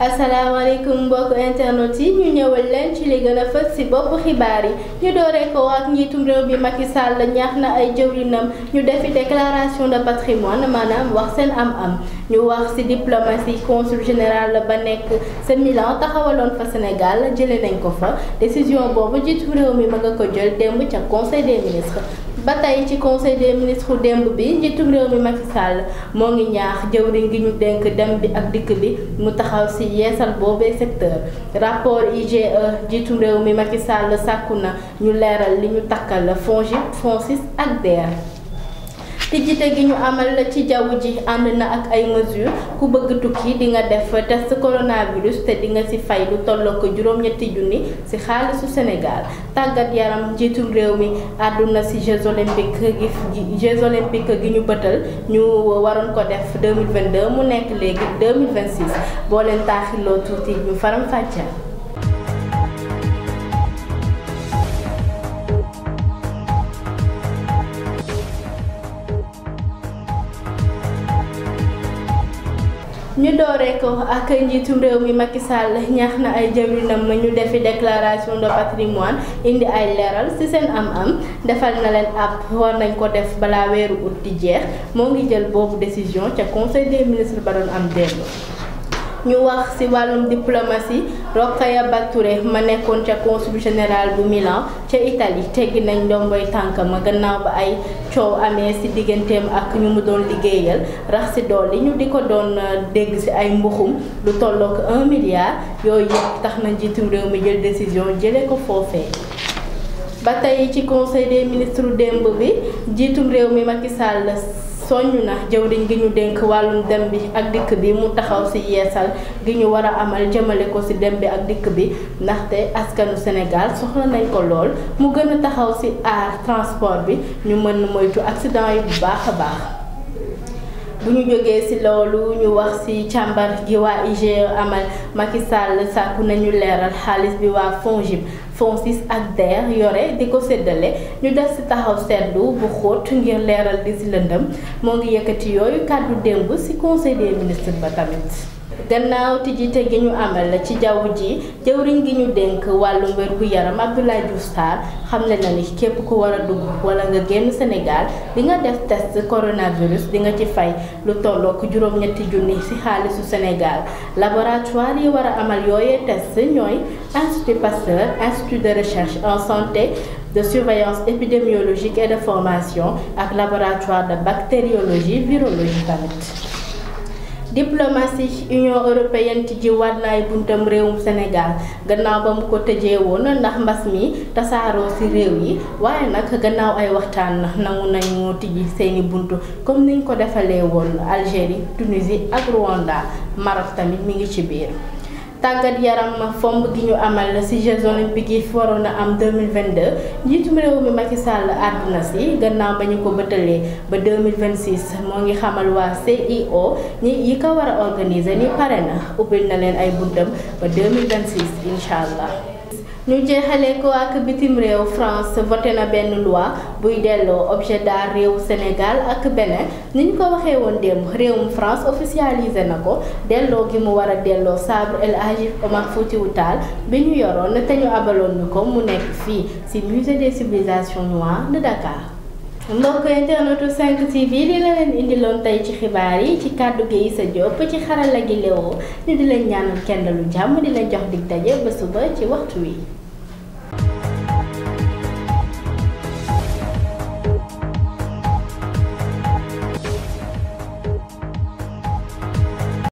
alaikum alaykum internet yi ñu ñëwal leen ci li gën a fës si bopp xibaar ñu dooree ko ak njiitum réew bi Macky Sall ñu déclaration de patrimoine maanaam wax am-am ñu wax diplomatie consul général ba nekk sa Milan Sénégal jëlee ko fa décision boobu mi ma nga ko conseil des ministres ba tey ci conseil des ministres démb bi njiitum réew mi Macky moo ngi ñaax jëwriñ ngi ñu dénk dem bi ak dikk bi mu taxaw si yeesal boobee secteur rapport IGE njiitum réew mi Macky Sall sàkku na ñu leeral li ñu takkal la FONGIP FONSIS ak DER. tijjite gi ñu amal ci jaww ji ànd na ak ay mesures ku bëgg tukki di nga def test coronavirus te di nga ci fay lu tolloo ko juróom-ñetti junni ci xaalisu Sénégal tàggat yaram njiitum réew mi àdduna ci Jeux olympiques gi Jeux olympiques gi ñu bëtal ñu waroon ko def 2022 mu nekk léegi 2026 boo leen taaxiloo tuuti ñu faram fàcceel ñu dooree ko ak njiitum réew mi Macky Sall ñax na ay jëwriñam ñu defi déclaration de patrimoine indi ay leeral ci seen am-am defal na leen ab war nañ ko def balaa weeru ut di jeex moo ngi jël boobu décision ca conseil des ministres ba doon am démb. ñu wax ci wàllum diplomatie Rokhaya Bature ma nekkoon ca consul général bu Milan ca Italie teggi nañ ndomboy tànk ma gannaaw ba ay coow amee ci digganteem ak ñu mu doon liggéeyal rax ci dool li ñu di ko doon euh, dégg ci ay mbuxum lu tollook un milliard yooyu yëpp tax na njiitum réew mi jël décision jële ko foofee ba tey ci conseil des ministre démb bi jiitum réew mi Macky Sall soññ na jëwriñ gi ñu dénk wàllum dem bi ak dikk bi mu taxaw ci yeesal gi ñu war a amal jëmale ko ci dem bi ak dikk bi ndaxte askanu Sénégal soxla nañ ko lool mu gën a taxaw ci aar transport bi ñu mën moytu accident yi bu baax a baax. bu ñu jógee ci loolu ñu wax ci càmbar gi waa IGE amal Macky Sall sàkku nañu leeral xaalis bi waa FONGIP Francis ak Der yore di ko séddale ñu def si taxaw seetlu bu xóot ngir leeral di si lëndam moo ngi yëkkati yooyu kàddu démb si conseil des ministres ba tamit. gannaaw tijjite gi ñu amal ci jaww ji jëwriñ gi ñu dénk wàllum wér gu yaram Abdoulaye Diouf Sarr xamle na ni képp ku war a dugg wala nga génn Sénégal di nga def test coronavirus di nga ci fay lu tollook juróom-ñetti junni ci xaalisu Sénégal laboratoire yi war a amal yooyee test ñooy Institut Pasteur Institut de recherche en santé de surveillance épidémiologique et de formation ak laboratoire de bactériologie virologie tamit diplomatie union européenne ci jiwaat na ay buntam réewum Sénégal gannaaw ba mu ko tëjee woon ndax mbas mi tasaaroo ci réew yi waaye nag gannaaw ay waxtaan nangu nañu tijji seeni buntu comme niñ ko defalee woon Algérie Tunisie ak Rwanda Maroc tamit mi ngi ci biir. tàggat yaram fomb gi ñu amal ci Jeux olympiques yi waroon a am 2022 njiitum réew mi Macky sàll àdduna si gannaaw ba ñu ko bëtalee ba 2026 moo ngi xamal waa CIO yi ko war a organiser ni pare na ubbil na leen ay buntam ba 2026 incha allah. ñu jeexale ko ak bitim réew France voté na benn loi buy delloo objet d'art réew Sénégal ak Bénin ni ñu ko waxee woon démb réewum France officialisé na ko delloo gi mu war a delloo sabre El Hadji Omar Foutiyou Tall bi ñu yoroon te ñu abaloon ñu ko mu nekk fii ci musée des civilisations noires de Dakar. mbokk internetu 5 TV lii la leen indiloon tey ci xibaar yi ci kàddu gi Issa Diop ci xarala gi Léo ñu di leen ñaanal kenn lu jàmm di leen jox dig daje ba suba ci waxtu wi.